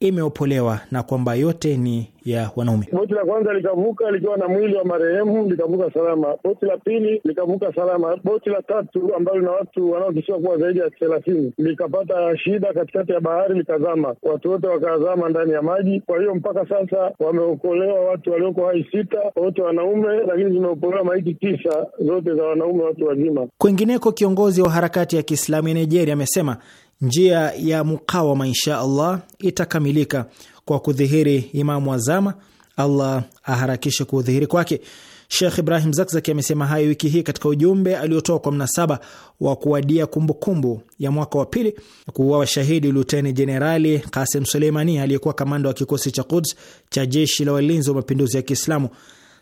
imeopolewa na kwamba yote ni ya wanaume. Boti la kwanza likavuka likiwa na mwili wa marehemu, likavuka salama. Boti la pili likavuka salama. Boti la tatu ambalo lina watu wanaokisiwa kuwa zaidi ya thelathini likapata shida katikati ya bahari, likazama. Watu wote wakazama ndani ya maji. Kwa hiyo mpaka sasa wameokolewa watu walioko hai sita, wote wanaume, lakini zimeokolewa maiti tisa, zote za wanaume, watu wazima. Kwingineko, kiongozi wa harakati ya Kiislamu ya Nigeria amesema njia ya mukawama insha Allah itakamilika kwa kudhihiri Imamu Azama, Allah aharakishe kudhihiri kwake. Shekh Ibrahim Zakzaki amesema hayo wiki hii katika ujumbe aliotoa kwa mnasaba wa kuwadia kumbukumbu ya mwaka wa pili kuuawa shahidi Luteni Jenerali Kasim Suleimani aliyekuwa kamanda wa kikosi cha Quds cha jeshi la walinzi wa mapinduzi ya Kiislamu,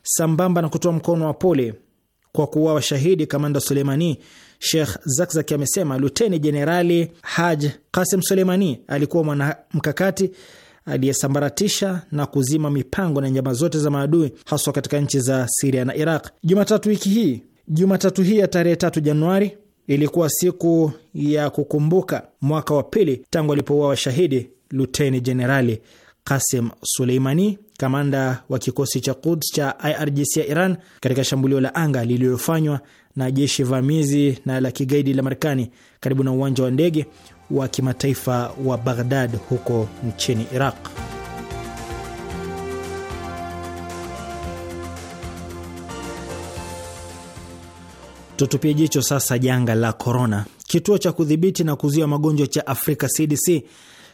sambamba na kutoa mkono wa pole kwa kuuawa shahidi kamanda Suleimani. Sheikh Zakzaki amesema Luteni Jenerali Haj Kasim Suleimani alikuwa mwanamkakati aliyesambaratisha na kuzima mipango na njama zote za maadui haswa katika nchi za Siria na Iraq. Jumatatu wiki hii, Jumatatu hii ya tarehe tatu Januari ilikuwa siku ya kukumbuka mwaka wa pili tangu alipouawa washahidi Luteni Jenerali Kasim Suleimani, kamanda wa kikosi cha Quds cha IRGC ya Iran katika shambulio la anga lililofanywa na jeshi vamizi na la kigaidi la Marekani karibu na uwanja wa ndege wa kimataifa wa Baghdad huko nchini Iraq. Tutupie jicho sasa janga la korona. Kituo cha kudhibiti na kuzuia magonjwa cha Afrika CDC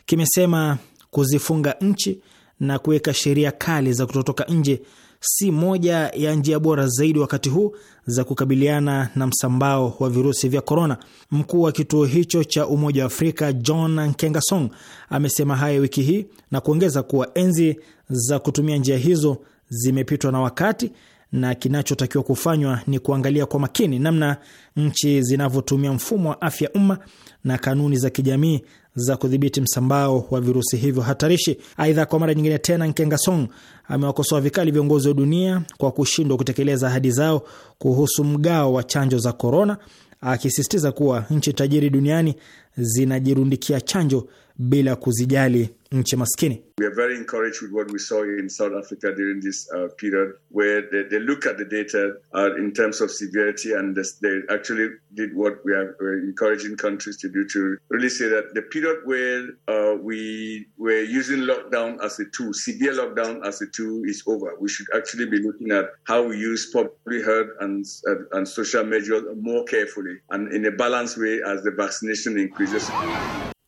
kimesema kuzifunga nchi na kuweka sheria kali za kutotoka nje si moja ya njia bora zaidi wakati huu za kukabiliana na msambao wa virusi vya korona. Mkuu wa kituo hicho cha Umoja wa Afrika John Nkengasong amesema haya wiki hii na kuongeza kuwa enzi za kutumia njia hizo zimepitwa na wakati na kinachotakiwa kufanywa ni kuangalia kwa makini namna nchi zinavyotumia mfumo wa afya umma na kanuni za kijamii za kudhibiti msambao wa virusi hivyo hatarishi. Aidha, kwa mara nyingine tena, Nkengasong amewakosoa vikali viongozi wa dunia kwa kushindwa kutekeleza ahadi zao kuhusu mgao wa chanjo za korona, akisisitiza kuwa nchi tajiri duniani zinajirundikia chanjo bila kuzijali We are very encouraged with what we saw in South Africa during this uh, period, where they, look at the data uh, in terms of severity, and they, actually did what we are encouraging countries to do to really say that the period where uh, we were using lockdown as a tool, severe lockdown as a tool, is over. We should actually be looking at how we use public health and and social measures more carefully and in a balanced way as the vaccination increases.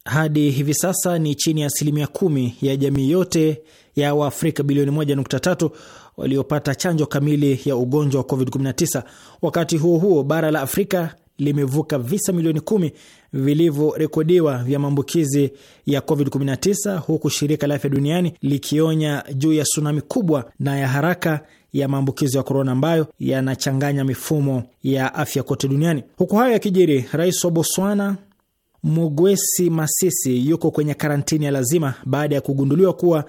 hadi hivi sasa ni chini ya asilimia kumi ya jamii yote ya Waafrika bilioni 1.3 waliopata chanjo kamili ya ugonjwa wa COVID-19. Wakati huo huo, bara la Afrika limevuka visa milioni kumi vilivyorekodiwa vya maambukizi ya COVID-19, huku shirika la afya duniani likionya juu ya tsunami kubwa na ya haraka ya maambukizi ya korona ambayo yanachanganya mifumo ya afya kote duniani. Huku hayo yakijiri, rais wa Botswana Mogwesi Masisi yuko kwenye karantini ya lazima baada ya kugunduliwa kuwa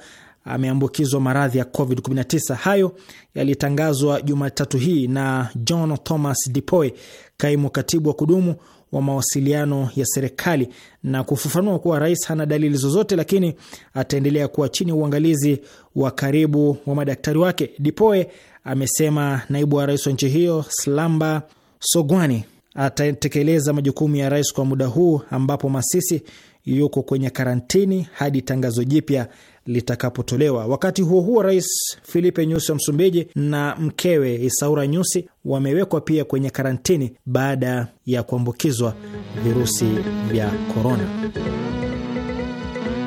ameambukizwa maradhi ya COVID-19. Hayo yalitangazwa Jumatatu hii na John Thomas Dipoe, kaimu katibu wa kudumu wa mawasiliano ya serikali, na kufafanua kuwa rais hana dalili zozote, lakini ataendelea kuwa chini ya uangalizi wa karibu wa madaktari wake. Dipoe amesema naibu wa rais wa nchi hiyo Slamba Sogwani atatekeleza majukumu ya rais kwa muda huu ambapo Masisi yuko kwenye karantini hadi tangazo jipya litakapotolewa. Wakati huo huo, rais Filipe Nyusi wa Msumbiji na mkewe Isaura Nyusi wamewekwa pia kwenye karantini baada ya kuambukizwa virusi vya korona.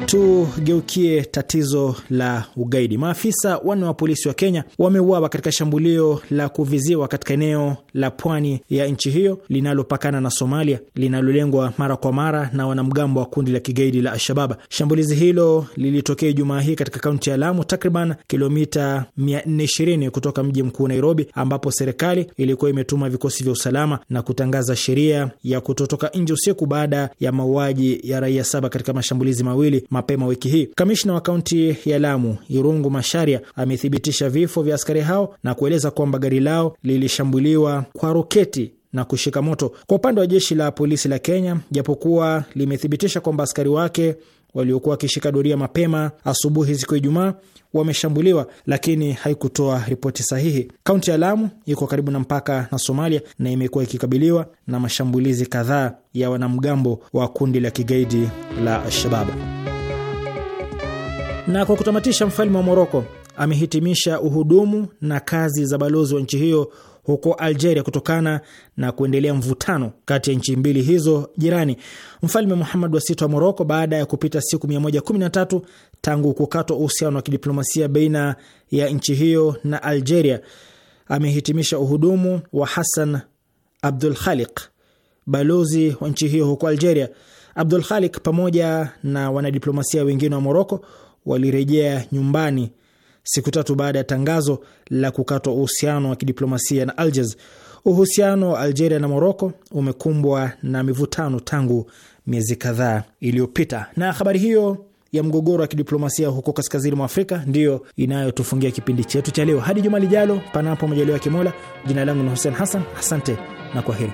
Tugeukie tatizo la ugaidi. Maafisa wanne wa polisi wa Kenya wameuawa katika shambulio la kuviziwa katika eneo la pwani ya nchi hiyo linalopakana na Somalia, linalolengwa mara kwa mara na wanamgambo wa kundi la kigaidi la Alshababa. Shambulizi hilo lilitokea Ijumaa hii katika kaunti ya Lamu, takriban kilomita 420 kutoka mji mkuu Nairobi, ambapo serikali ilikuwa imetuma vikosi vya usalama na kutangaza sheria ya kutotoka nje usiku baada ya mauaji ya raia saba katika mashambulizi mawili mapema wiki hii. Kamishna wa kaunti ya Lamu Irungu Masharia amethibitisha vifo vya askari hao na kueleza kwamba gari lao lilishambuliwa kwa roketi na kushika moto. Kwa upande wa jeshi la polisi la Kenya, japokuwa limethibitisha kwamba askari wake waliokuwa wakishika doria mapema asubuhi siku ya Ijumaa wameshambuliwa, lakini haikutoa ripoti sahihi. Kaunti ya Lamu iko karibu na mpaka na Somalia na imekuwa ikikabiliwa na mashambulizi kadhaa ya wanamgambo wa kundi la kigaidi la al na kwa kutamatisha, mfalme wa Moroko amehitimisha uhudumu na kazi za balozi wa nchi hiyo huko Algeria kutokana na kuendelea mvutano kati ya nchi mbili hizo jirani. Mfalme Muhammad wa sita wa Moroko, baada ya kupita siku 113 tangu kukatwa uhusiano wa kidiplomasia baina ya nchi hiyo na Algeria, amehitimisha uhudumu wa Hassan Abdul khalik balozi wa nchi hiyo huko Algeria. Abdul khalik pamoja na wanadiplomasia wengine wa Moroko walirejea nyumbani siku tatu baada ya tangazo la kukatwa uhusiano wa kidiplomasia na Algiers. Uhusiano wa Algeria na Moroko umekumbwa na mivutano tangu miezi kadhaa iliyopita, na habari hiyo ya mgogoro wa kidiplomasia huko kaskazini mwa Afrika ndiyo inayotufungia kipindi chetu cha leo. Hadi juma lijalo, panapo majaliwa ya Kimola. Jina langu ni Hussein Hassan, asante na kwa heri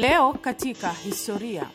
Leo katika historia.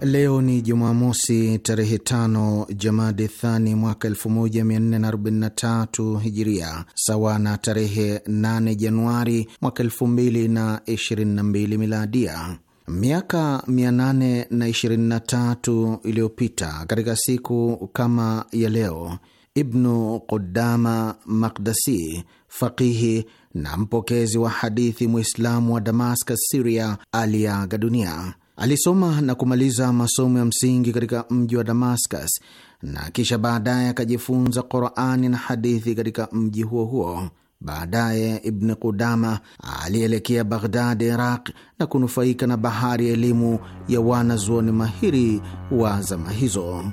Leo ni Jumamosi, tarehe tano Jamadi Thani mwaka 1443 Hijiria, sawa na tarehe 8 Januari mwaka 2022 Miladia. Miaka 823 iliyopita katika siku kama ya leo, Ibnu Qudama Makdasi, faqihi na mpokezi wa hadithi Mwislamu wa Damascus, Siria, aliaga dunia. Alisoma na kumaliza masomo ya msingi katika mji wa Damascus na kisha baadaye akajifunza Qurani na hadithi katika mji huo huo. Baadaye Ibn Qudama alielekea Baghdadi, Iraq, na kunufaika na bahari ya elimu ya wanazuoni mahiri wa zama hizo.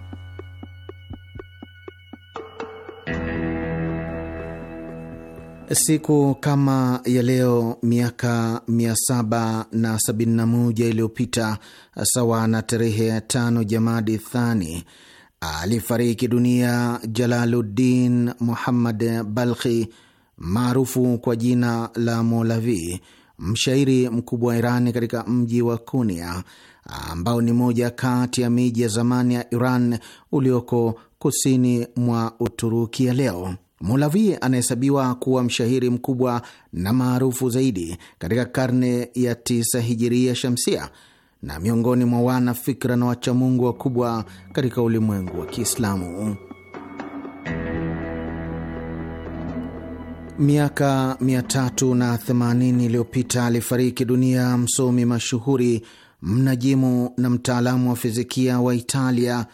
Siku kama ya leo miaka 771 iliyopita, sawa na tarehe ya tano Jamadi Thani, alifariki dunia Jalaluddin Muhammad Balkhi maarufu kwa jina la Molavi, mshairi mkubwa wa Irani katika mji wa Konya ambao ni moja kati ya miji ya zamani ya Iran ulioko kusini mwa Uturuki ya leo. Mulavi anahesabiwa kuwa mshahiri mkubwa na maarufu zaidi katika karne ya tisa hijiria shamsia na miongoni mwa wana fikra na wachamungu wakubwa katika ulimwengu wa Kiislamu. Miaka 380 iliyopita alifariki dunia msomi mashuhuri, mnajimu na mtaalamu wa fizikia wa Italia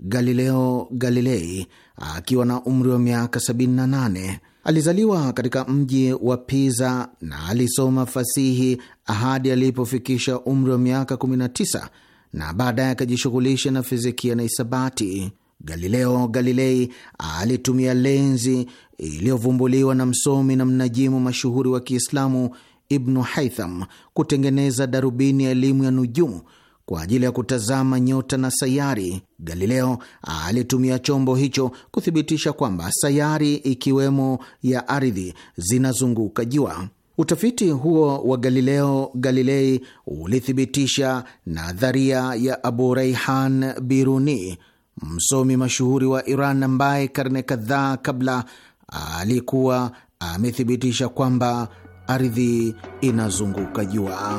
Galileo Galilei akiwa na umri wa miaka 78. Alizaliwa katika mji wa Pisa na alisoma fasihi hadi alipofikisha umri wa miaka 19 na baadaye akajishughulisha na fizikia na hisabati. Galileo Galilei alitumia lenzi iliyovumbuliwa na msomi na mnajimu mashuhuri wa Kiislamu Ibnu Haytham kutengeneza darubini ya elimu ya nujumu kwa ajili ya kutazama nyota na sayari. Galileo alitumia chombo hicho kuthibitisha kwamba sayari ikiwemo ya ardhi zinazunguka jua. Utafiti huo wa Galileo Galilei ulithibitisha nadharia ya Abu Raihan Biruni, msomi mashuhuri wa Iran ambaye karne kadhaa kabla alikuwa amethibitisha kwamba ardhi inazunguka jua.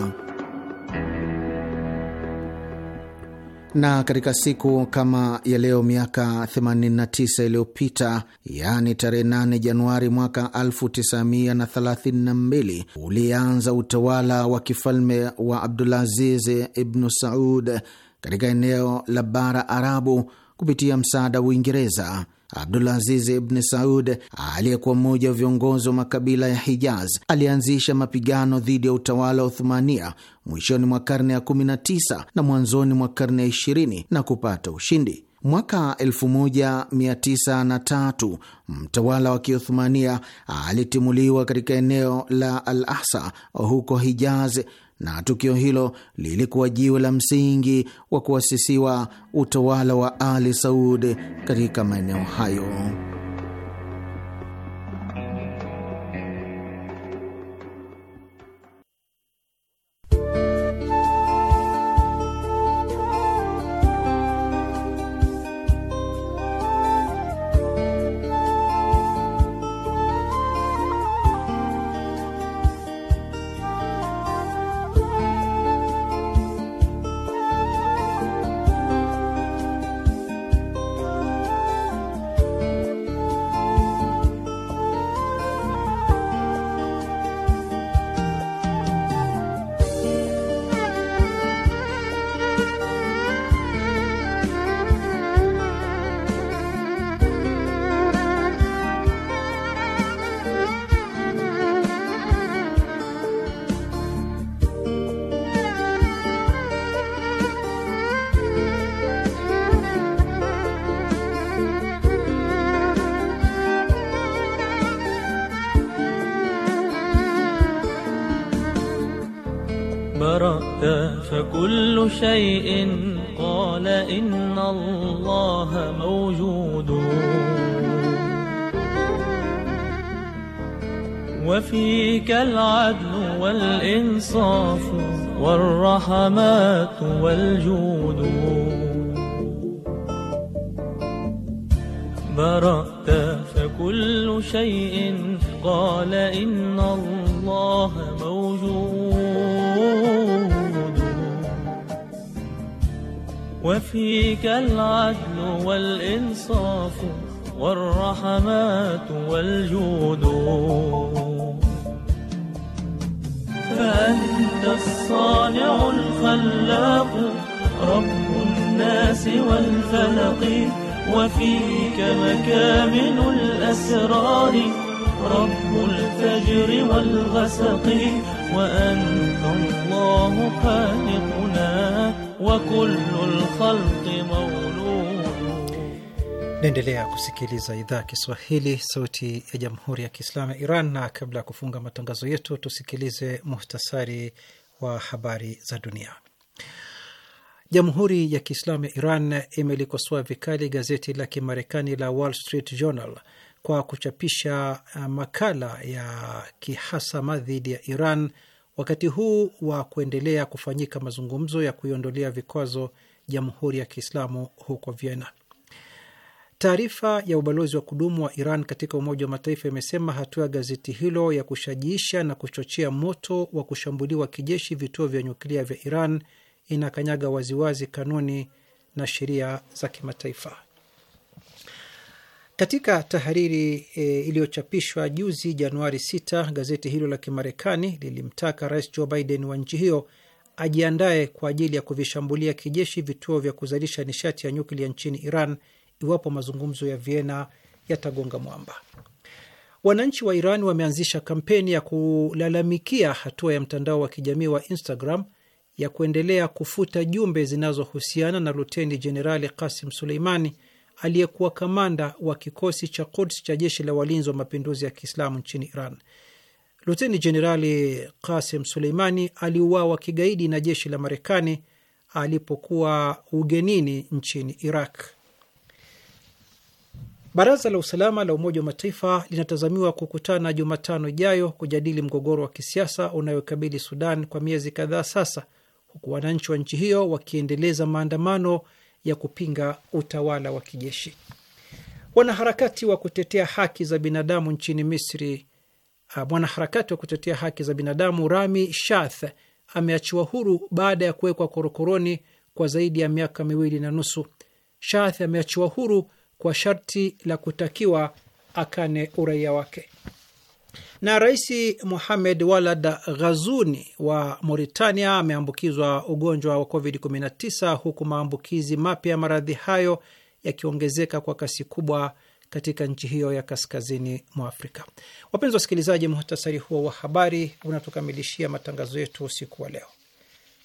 na katika siku kama ya leo miaka 89 iliyopita, yaani tarehe 8 Januari mwaka 1932 ulianza utawala wa kifalme wa Abdulaziz Ibnu Saud katika eneo la bara Arabu kupitia msaada wa Uingereza. Abdulaziz Ibni Saud aliyekuwa mmoja wa viongozi wa makabila ya Hijaz alianzisha mapigano dhidi ya utawala wa uthumania mwishoni mwa karne ya 19 na mwanzoni mwa karne ya 20 na kupata ushindi. Mwaka 1903 mtawala wa kiuthumania alitimuliwa katika eneo la Al Ahsa huko Hijaz na tukio hilo lilikuwa jiwe la msingi wa kuasisiwa utawala wa Ali Saud katika maeneo hayo. شيء قال إن الله موجود وفيك العدل والإنصاف والرحمات والجود برأت فكل شيء قال إن فيك العدل والإنصاف والرحمات والجود فأنت الصانع الخلاق رب الناس والفلق وفيك مكامن الأسرار رب الفجر والغسق وأنت الله خالق Naendelea kusikiliza idhaa ya Kiswahili, sauti ya jamhuri ya kiislamu ya Iran. Na kabla ya kufunga matangazo yetu, tusikilize muhtasari wa habari za dunia. Jamhuri ya Kiislamu ya Iran imelikosoa vikali gazeti la Kimarekani la Wall Street Journal kwa kuchapisha eh, makala ya kihasama dhidi ya Iran Wakati huu wa kuendelea kufanyika mazungumzo ya kuiondolea vikwazo Jamhuri ya Kiislamu huko Vienna. Taarifa ya ubalozi wa kudumu wa Iran katika Umoja wa Mataifa imesema hatua ya gazeti hilo ya kushajiisha na kuchochea moto wa kushambuliwa kijeshi vituo vya nyuklia vya Iran inakanyaga waziwazi kanuni na sheria za kimataifa. Katika tahariri e, iliyochapishwa juzi Januari 6, gazeti hilo la Kimarekani lilimtaka Rais Joe Biden wa nchi hiyo ajiandaye kwa ajili ya kuvishambulia kijeshi vituo vya kuzalisha nishati ya nyuklia nchini Iran iwapo mazungumzo ya Vienna yatagonga mwamba. Wananchi wa Iran wameanzisha kampeni ya kulalamikia hatua ya mtandao wa kijamii wa Instagram ya kuendelea kufuta jumbe zinazohusiana na Luteni Jenerali Kasim Suleimani aliyekuwa kamanda wa kikosi cha Quds cha jeshi la walinzi wa mapinduzi ya Kiislamu nchini Iran. Luteni Jenerali Qasim Suleimani aliuawa kigaidi na jeshi la Marekani alipokuwa ugenini nchini Iraq. Baraza la usalama la Umoja wa Mataifa linatazamiwa kukutana Jumatano ijayo kujadili mgogoro wa kisiasa unayokabili Sudan kwa miezi kadhaa sasa, huku wananchi wa nchi hiyo wakiendeleza maandamano ya kupinga utawala wa kijeshi. Wanaharakati wa kutetea haki za binadamu nchini Misri, uh, mwanaharakati wa kutetea haki za binadamu Rami Shath ameachiwa huru baada ya kuwekwa korokoroni kwa zaidi ya miaka miwili na nusu. Shath ameachiwa huru kwa sharti la kutakiwa akane uraia wake. Na Rais Mohamed Walad Ghazuni wa Mauritania ameambukizwa ugonjwa wa COVID-19 huku maambukizi mapya ya maradhi hayo yakiongezeka kwa kasi kubwa katika nchi hiyo ya kaskazini mwa Afrika. Wapenzi wa wasikilizaji, muhtasari huo wa habari unatukamilishia matangazo yetu usiku wa leo.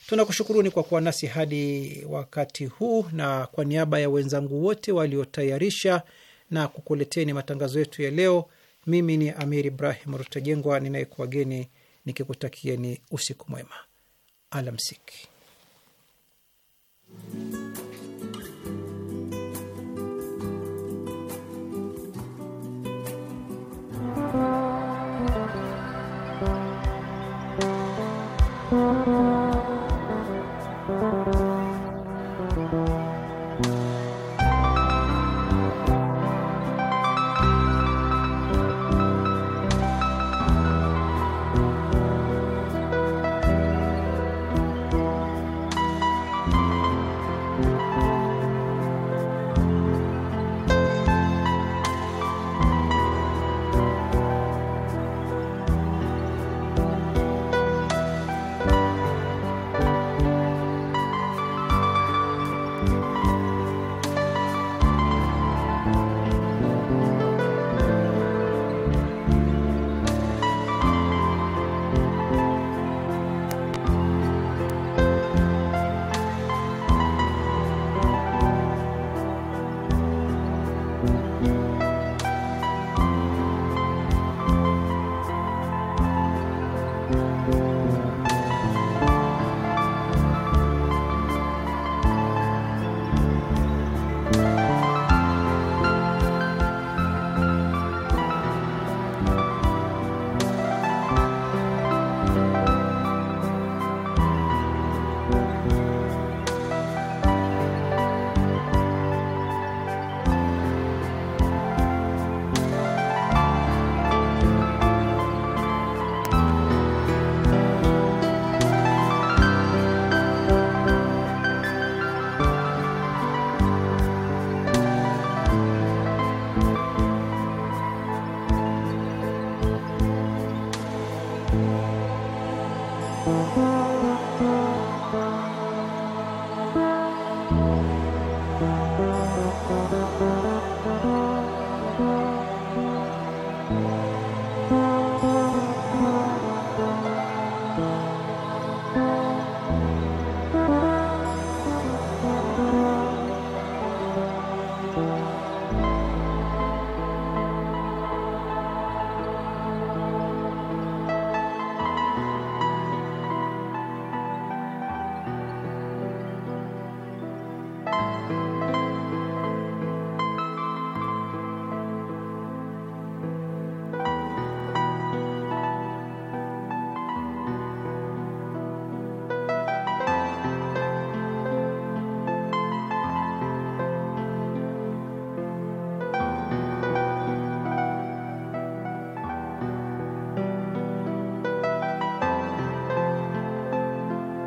Tunakushukuruni kwa kuwa nasi hadi wakati huu, na kwa niaba ya wenzangu wote waliotayarisha na kukuleteni matangazo yetu ya leo mimi ni Amir Ibrahim Rutajengwa ninayekuwageni nikikutakieni usiku mwema, alamsiki.